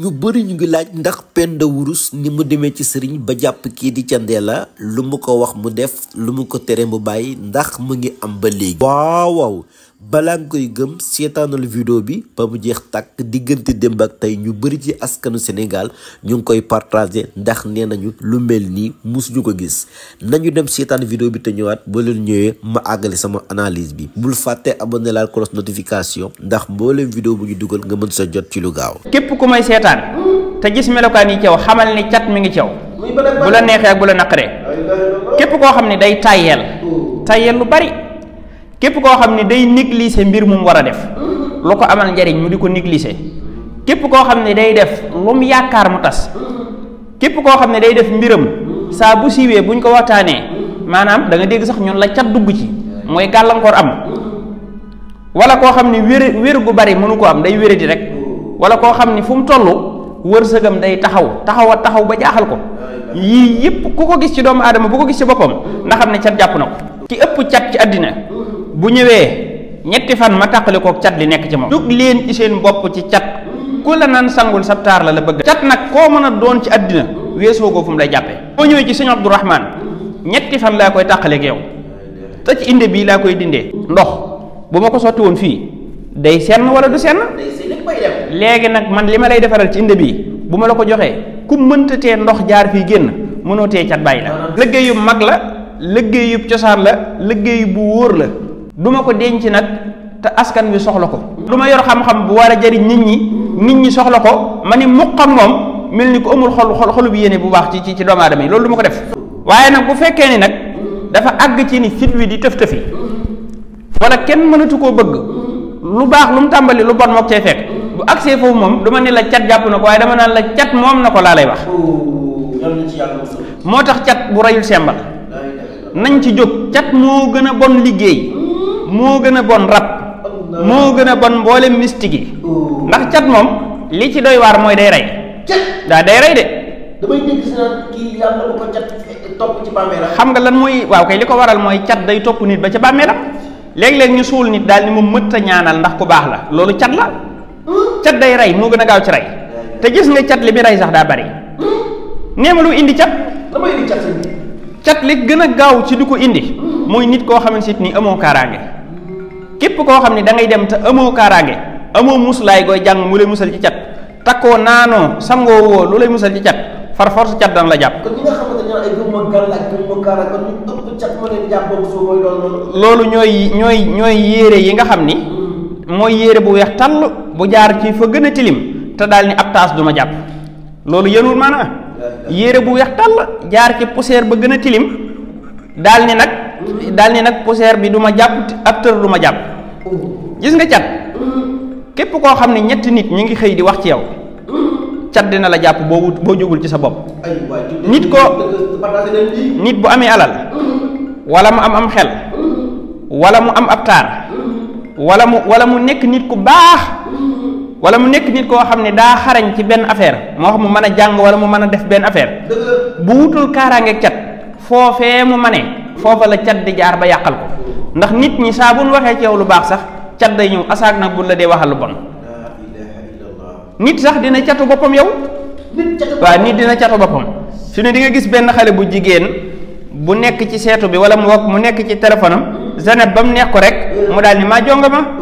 ñu bëri ñu ngi laaj ndax Penda Wurus ni mu demee ci sëriñ ba jàpp kii di Thiendella lu mu ko wax mu def lu mu ko tere mu bàyyi ndax mu ngi am ba léegi waaw waaw balaa nga koy gëm seetaanal vidéo bi ba mu jeex takk diggante démb ak tey ñu bëri ci askanu Sénégal ñu ngi koy partagé ndax nee nañu lu mel nii musuñu ko gis nañu dem seetaan vidéo bi te ñëwaat boo leen ñëwee ma àggale sama analise bi bul fàtte abonné laal cross notification ndax mbooleem vidéo bu ñu dugal nga mën sa jot ci lu gaaw. képp ku may seetaan te gis melokaan yi caw xamal ni cat mi ngi caw bu la neexee ak bu la naqaree képp koo xam ne day tàyyeel tàyyeel bari. képp koo xam ne day négliger mbir mu war a def lu ko amal njariñ mu di ko négliger képp koo xam ne day def lu mu yaakaar mu tas képp koo xam ne day def mbiram saa bu siiwee buñ ko waxtaanee maanaam da dégg sax ñun la cat dugg ci mooy gàllankoor am walla koo xam ne wér wér gu bari mënu ko am day wéradi rek wala koo xam ne fu mu toll wërsëgam day taxaw taxaw taxaw ba jaaxal ko yii yëpp ku ko gis ci doomu aadama bu ko gis ci boppam nga ne cat jàpp na ko ki ëpp cat ci àddina bu ñëwee ñetti fan ma tàqali kook cat li nekk ci moom jóg leen ci seen bopp ci cat ku la naan sangul sa la la bëgg cat nag koo mën a doon ci àddina weesoo ko fu lay jàppee boo ñëwee ci sëñ Abdourahman ñetti fan laa koy tàqaleeg yow te ci inde bii laa koy dindee ndox bu ma ko sotti woon fii day senn wala du senn léegi nag man li ma lay defaral ci inde bii bu ma la ko joxee ku mënta tee ndox jaar fii génn mënoo tee cat bàyyi la liggéeyu mag la liggéeyu cosaan la liggéey bu wóor la duma ko denc nag te askan wi soxla ko lu ma yor xam-xam bu war a jariñ nit ñi nit ñi soxla ko ma ni muqam moom mel ni ko amul xol xol xolub yéene bu baax ci ci ci doomu aadama yi loolu du ko def waaye nag bu fekkee ni nag dafa àgg ci ni fit wi di tëf tëfi wala kenn mënatu koo bëgg lu baax lu mu tàmbali lu bon moo ko cay fekk bu agsee foofu moom dama ne la cat jàpp na ko waaye dama naan la cat moom na ko laa lay wax moo tax cat bu reyul sembal nañ ci jóg cat moo gën a bon liggéey moo gën a bon rab moo gën a bon mboole mystique yi oh. ndax cat moom li ci doy waar mooy day rey daa day rey de xam nga lan mooy waaw kay li ko waral mooy cat day topp nit ba ca bàmmee la léeg-léeg ñu suul nit daal ni mu mëtt a ñaanal ndax ku baax la loolu cat la hmm? cat day rey moo gën a gaaw ci rey te gis nga cat li muy rey sax daa bari hmm? nee indi cat cat li gën a gaaw ci di ko indi hmm. mooy nit koo xamante ni amoo kaaraange képp koo xam ne dangay dem te amoo kaaraange amoo musulaay gooy jàng mu lay musal ci cat takkoo naanoo sangoo woo lu lay musal ci cat far force cat la jàpp. loolu. ñooy ñooy ñooy yéere yi nga xam ni. Mm. mooy yéere bu weex tàll bu jaar ci fa gën a tilim te daal ni ab taas du jàpp loolu yënul maanaam. yéere bu weex tàll jaar ci poussière ba gën a tilim daal ni nag daal ni nag poussière bi duma jàpp ab tër du ma jàpp gis nga cat képp koo xam ne ñetti nit ñu ngi xëy di wax ci yow cat dina la jàpp boo wut boo jógul ci sa bopp nit ko nit bu amee alal wala mu am am xel wala mu am ab taar wala mu wala mu nekk nit ku baax wala mu nekk nit koo xam ne daa xarañ ci benn affaire moo xam mu mën a jàng wala mu mën a def benn affaire bu wutul kaaraangeeg cat foofee mu mane foofa la cat di jaar ba yàqal ko ndax nit ñi saa bu nu waxee ci yow lu baax sax cat day ñëw asaak nag bu la dee waxal lu bon nit sax dina catu boppam yow waa nit dina catu boppam su ne di nga gis benn xale bu jigéen bu nekk ci seetu bi wala mu wokk mu nekk ci téléphone am zanab ba mu nekk ko rek mu daal ni maa jonga ma